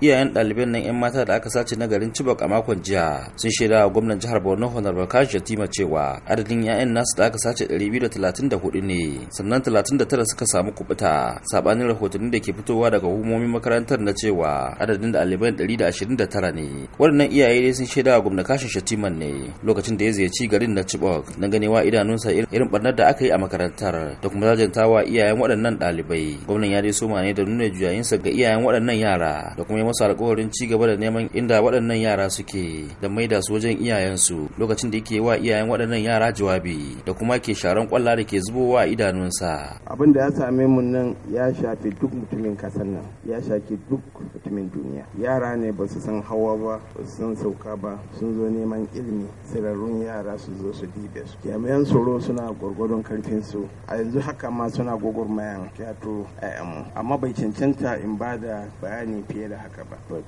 iyayen ɗaliban nan 'yan mata da aka sace na garin Chibok a makon jiya sun shaida wa gwamnan jihar Borno Honorable Kashi Jatima cewa adadin 'ya'yan nasu da aka sace 234 ne sannan 39 suka samu kubuta sabanin rahotanni da ke fitowa daga hukumomin makarantar na cewa adadin ɗaliban 129 ne waɗannan iyaye ne sun shaida wa gwamnan Kashi Shatiman ne lokacin da ya ziyarci garin na Chibok na ganewa idanunsa irin barnar da aka yi a makarantar da kuma zajantawa iyayen waɗannan ɗalibai gwamnan ya dai soma ne da nuna juyayinsa ga iyayen waɗannan yara da kuma masu alkawarin ci gaba da neman inda waɗannan yara suke da maida su wajen iyayensu lokacin da yake wa iyayen waɗannan yara jawabi da kuma ke sharan kwalla da ke zubowa idanunsa abin da ya same mu nan ya shafi duk mutumin kasar nan ya shafi duk mutumin duniya yara ne ba su san hawa ba ba su san sauka ba sun zo neman ilimi sirarrun yara su zo su dibe su jami'an tsoro suna gwargwadon karfin su a yanzu haka ma suna gwagwarmayan kyato mu. amma bai cancanta in ba da bayani fiye da haka haka ba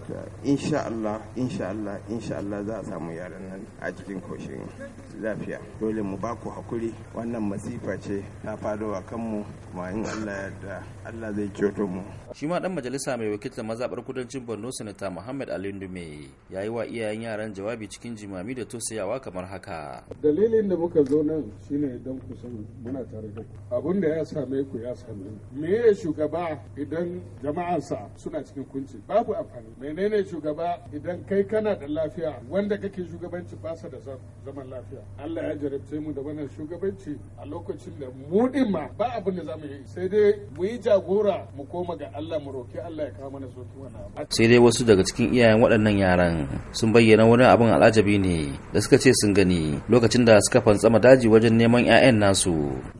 insha Allah insha Allah insha Allah za a samu yaran nan a cikin koshin lafiya dole mu ba ku hakuri wannan masifa ce na fado a kanmu kuma in Allah yarda Allah zai kyoto mu shi ma dan majalisa mai wakiltar mazabar kudancin Borno Sanata Muhammad Ali Ndume yayi wa iyayen yaran jawabi cikin jimami da tosayawa kamar haka dalilin da muka zo nan shine don ku san muna tare da ku abin da ya same ku ya same me shugaba idan sa suna cikin kunci babu amfani menene shugaba idan kai kana da lafiya wanda kake shugabanci sa da zaman lafiya Allah ya jarabce mu da wannan shugabanci a lokacin da mu ma ba abin da zamu yi sai dai mu yi jagora mu koma ga Allah mu roki Allah ya kawo mana sauki wannan sai dai wasu daga cikin iyayen waɗannan yaran sun bayyana wani abin al'ajabi ne da suka ce sun gani lokacin da suka fantsama daji wajen neman 'ya'yan nasu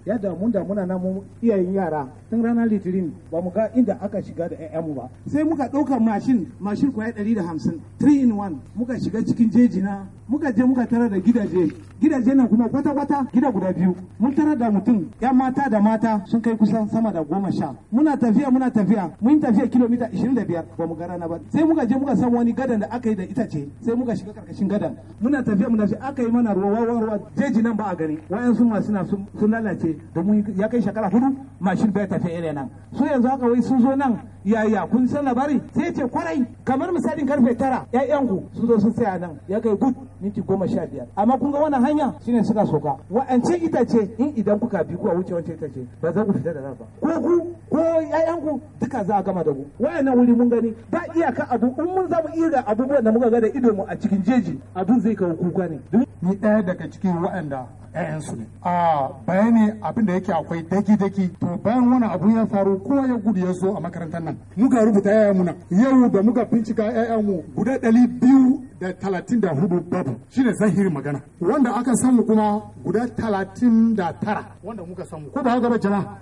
ya damu da muna namu iyayen yara tun ranar litinin ba mu ga inda aka shiga da 'ya'yanmu ba sai muka ɗaukar mashin mashin mashin kwaya ɗari da hamsin 3 in 1 muka shiga cikin jeji na muka je muka tara da gidaje gidaje na kuma kwata kwata gida guda biyu mun tara da mutum ya mata da mata sun kai kusan sama da goma sha muna tafiya muna tafiya mun tafiya kilomita 25 ba mu gara na ba sai muka je muka san wani gadan da aka yi da ita ce sai muka shiga karkashin gadan muna tafiya muna tafiya aka yi mana ruwa ruwa ruwa jeji nan ba a gani wayan sun masu na sun lalace domin ya kai shekara hudu mashin bai tafiya irin nan so yanzu haka wai sun zo nan yaya kun san labari sai ce kwarai kamar misalin karfe tara ƴaƴanku sun zo sun saya nan ya kai gud minti goma sha biyar amma kun ga wannan hanya shine suka soka wa'ance itace in idan kuka bi kuwa wuce wancan itace ba za ku fita da nan ba ko ku ko ƴaƴanku duka za a gama da ku wa'annan wuri mun gani ba iyaka abu in mun za mu iya abubuwan da muka ga da ido mu a cikin jeji abin zai kawo kuka ne ni ɗaya daga cikin wa'anda ƴaƴansu ne a bayani abin da yake akwai daki-daki to bayan wani abu ya faru kowa ya gudu ya zo a makarantar nan muka rubuta ƴaƴanmu nan yau da muka bincika ƴaƴanmu guda ɗari biyu da talatin da hudu babu shine zahiri magana wanda aka samu kuma guda talatin da tara wanda muka samu ko ba haka ba jama'a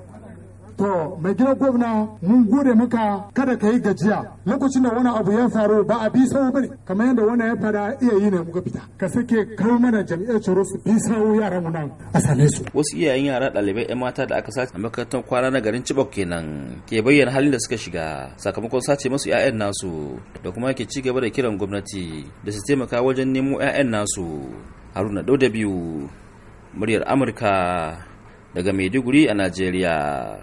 To mai gidan gwamna mun gode maka kada ka yi gajiya lokacin da wani abu ya faru ba a bi sawu bane kamar yadda wani ya fara iya yi ne muka fita ka sake kawo mana jami'ar tsaro su bi sawu yaran mu nan a sane su. Wasu iyayen yara ɗalibai 'yan mata da aka sace a makarantar kwana na garin Chibok kenan ke bayyana halin da suka shiga sakamakon sace masu 'ya'yan nasu da kuma ke ci gaba da kiran gwamnati da su taimaka wajen nemo 'ya'yan nasu. Haruna Dauda biyu muryar Amurka daga Maiduguri a Najeriya.